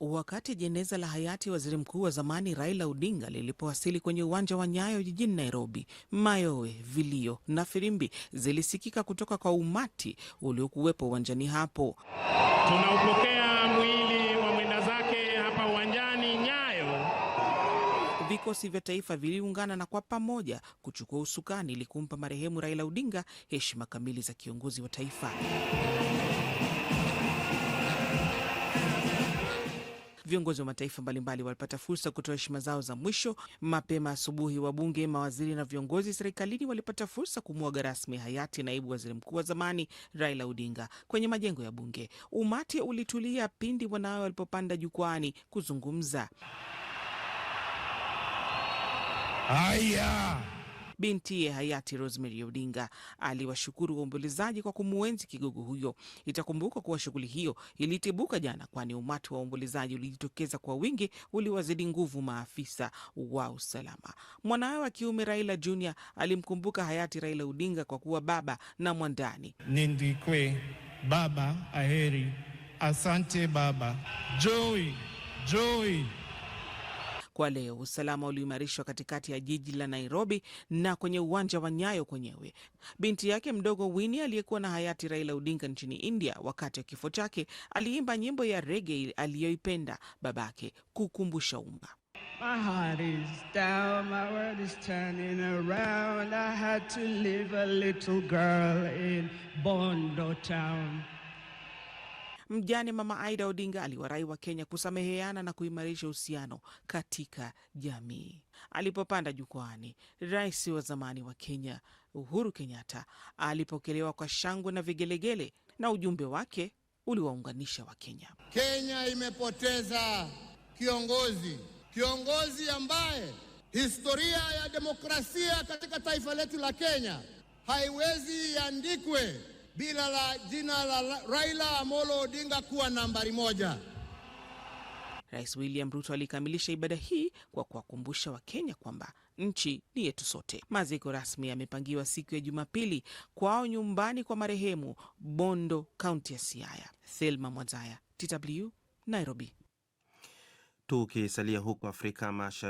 Wakati jeneza la hayati waziri mkuu wa zamani Raila Odinga lilipowasili kwenye uwanja wa Nyayo jijini Nairobi, mayowe, vilio na firimbi zilisikika kutoka kwa umati uliokuwepo uwanjani hapo. Tunaupokea mwili wa mwenda zake hapa uwanjani Nyayo. Vikosi vya taifa viliungana na kwa pamoja kuchukua usukani ili kumpa marehemu Raila Odinga heshima kamili za kiongozi wa taifa. Viongozi wa mataifa mbalimbali walipata fursa kutoa heshima zao za mwisho mapema asubuhi. Wabunge, mawaziri na viongozi serikalini walipata fursa kumwaga rasmi hayati naibu waziri mkuu wa zamani Raila Odinga kwenye majengo ya Bunge. Umati ulitulia pindi wanawe walipopanda jukwani kuzungumza. aya binti hayati Rosemary Odinga. Aliwashukuru waombolezaji kwa kumuenzi kigogo huyo. Itakumbuka kuwa shughuli hiyo ilitibuka jana, kwani umati wa waombolezaji ulijitokeza kwa wingi uliwazidi nguvu maafisa wa usalama. Mwanawe wa kiume Raila Junior alimkumbuka hayati Raila Odinga kwa kuwa baba na mwandani. Nindikwe baba, aheri, asante baba, joy joy kwa leo. Usalama uliimarishwa katikati ya jiji la Nairobi na kwenye uwanja wa Nyayo kwenyewe. Binti yake mdogo wini aliyekuwa na hayati Raila Odinga nchini India wakati wa kifo chake aliimba nyimbo ya rege aliyoipenda babake kukumbusha umma My Mjane Mama Aida Odinga aliwarai wa Kenya kusameheana na kuimarisha uhusiano katika jamii. Alipopanda jukwani, rais wa zamani wa Kenya Uhuru Kenyatta alipokelewa kwa shangwe na vigelegele, na ujumbe wake uliwaunganisha wa kenya Kenya imepoteza kiongozi, kiongozi ambaye historia ya demokrasia katika taifa letu la Kenya haiwezi iandikwe bila la jina la Raila Amolo Odinga kuwa nambari moja. Rais William Ruto alikamilisha ibada hii kwa kuwakumbusha Wakenya kwamba nchi ni yetu sote. Maziko rasmi yamepangiwa siku ya Jumapili kwao nyumbani kwa marehemu Bondo, kaunti ya Siaya. Thelma Mwazaya, TW, Nairobi. Tukisalia huko Afrika Mashariki.